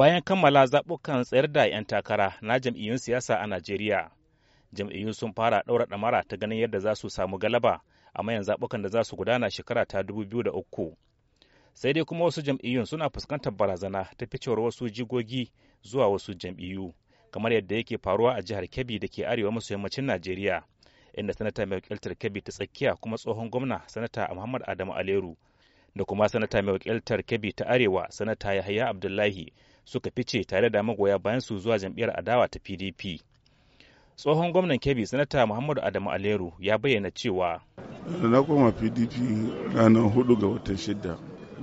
bayan kammala zaɓukan tsayar da 'yan takara na jam'iyyun siyasa a Najeriya. Jam'iyyun sun fara ɗaura ɗamara ta ganin yadda za su samu galaba a mayan zaɓukan da za su gudana shekara ta biyu 2003. Sai dai kuma wasu jam'iyyun suna fuskantar barazana ta ficewar wasu jigogi zuwa wasu jam'iyyu, kamar yadda yake faruwa a jihar Kebbi da ke arewa maso yammacin Najeriya, inda sanata mai wakiltar Kebbi ta tsakiya kuma tsohon gwamna sanata Muhammad Adamu Aleru da kuma sanata mai wakiltar Kebbi ta arewa sanata Yahaya Abdullahi suka fice tare da magoya bayan su zuwa jam'iyyar adawa ta pdp tsohon gwamnan kebbi sanata muhammadu adamu aleru ya bayyana cewa na koma pdp ranar 4 ga watan 6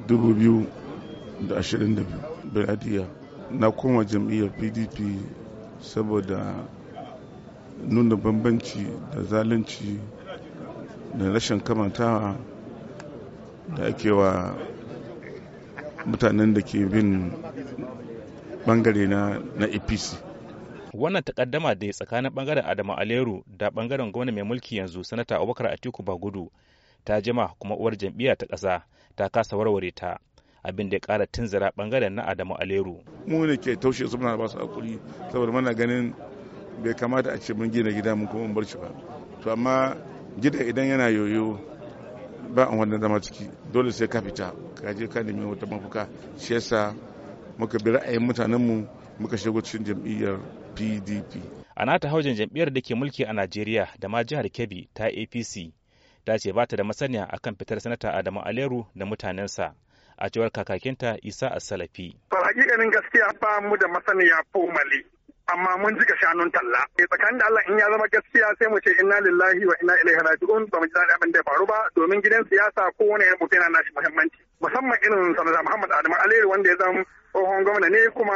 2022 biradiya na koma jam'iyyar pdp saboda nuna bambanci da zalunci da rashin kamantawa da ake wa mutanen da ke bin bangare na apc wannan takaddama da tsakanin bangaren adamu aleru da bangaren gwamnati mai mulki yanzu sanata abubakar atiku bagudu ta jima kuma uwar jam'iyya ta ƙasa ta kasa warware ta abin da ya ƙara tunzura bangaren na adamu aleru mu ne ke taushe su muna ba su hakuri saboda mana ganin bai kamata a ce mun gina gida mun kuma mun bar shi ba to amma gida idan yana yoyo ba an wannan zama ciki dole sai ka fita ka je ka nemi wata mafuka shi yasa muka bi ra'ayin mutanenmu muka shigo cikin jam'iyyar pdp a nata haujin jam'iyyar da ke mulki a najeriya da ma jihar kebbi ta apc ta ce ba ta da masaniya akan fitar sanata adamu aleru da mutanensa a cewar kakakinta isa asalafi. to hakikanin gaskiya ba mu da masaniya fomali amma mun jika shanun talla Me eh, tsakanin da Allah in ya zama gaskiya sai mu ce inna lillahi wa inna ilaihi raji'un ba mu ji daɗi abin da ya faru ba domin gidan siyasa ko wani ya mutu yana nashi muhimmanci musamman irin sanata Muhammad Adamu Aliyu wanda ya zama tsohon gwamna ne kuma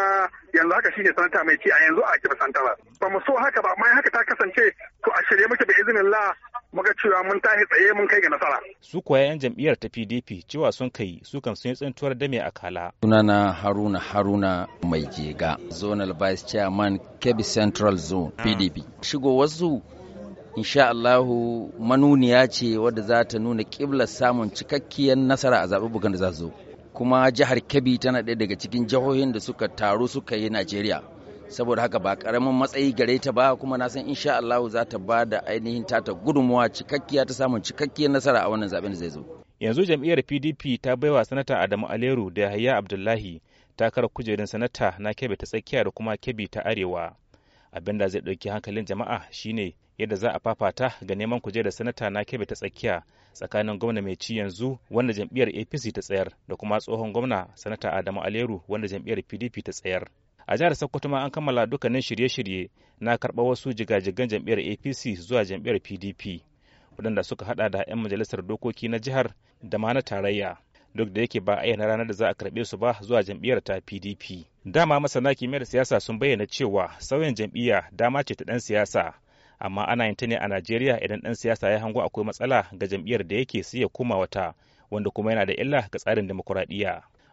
yanzu haka shine sanata mai ci a yanzu a kira santara ba mu so haka ba amma haka ta kasance to a shirye muke da izinin la muka cewa mun tashi tsaye mun kai ga nasara. Su kuwa 'yan jam'iyyar ta PDP cewa sun kai su kan sun yi tsintuwar dame a kala. Sunana Haruna Haruna mai jega zonal vice chairman Kebbi Central Zone ah. PDP. Shigo wasu insha Allahu manuniya ce wadda za ta nuna kiblar samun cikakkiyar nasara a zaɓuɓɓukan da za su zo. Kuma jihar Kebbi tana ɗaya daga cikin jihohin da suka taru suka yi Najeriya. saboda haka ba karamin matsayi gare ta ba kuma na san insha Allah za ta ba da ainihin ta ta gudunmuwa cikakkiya ta samun cikakkiyar nasara a wannan zaben da zai zo yanzu jam'iyyar PDP ta baiwa sanata Adamu Aleru da Yahaya Abdullahi takarar kujerun sanata na Kebbi ta tsakiya da kuma Kebbi ta arewa abin da zai ɗauki hankalin jama'a shine yadda za a fafata ga neman kujerar sanata na kebe ta tsakiya tsakanin gwamna mai ci yanzu wanda jam'iyyar apc ta tsayar da kuma tsohon gwamna sanata adamu aleru wanda jam'iyyar pdp ta tsayar a jihar sokoto ma an kammala dukkanin shirye-shirye na karɓar wasu jigajigan jam'iyyar apc zuwa jam'iyyar pdp waɗanda suka hada da 'yan majalisar dokoki na jihar da ma na tarayya duk da yake ba ayyana ranar da za a karɓe su ba zuwa jam'iyyar ta pdp dama masana kimiyyar siyasa sun bayyana cewa sauyin jam'iyya dama ce ta ɗan siyasa amma ana yin ta ne a najeriya idan ɗan siyasa ya hango akwai matsala ga jam'iyyar da yake siya ya wata wanda kuma yana da illa ga tsarin demokuraɗiyya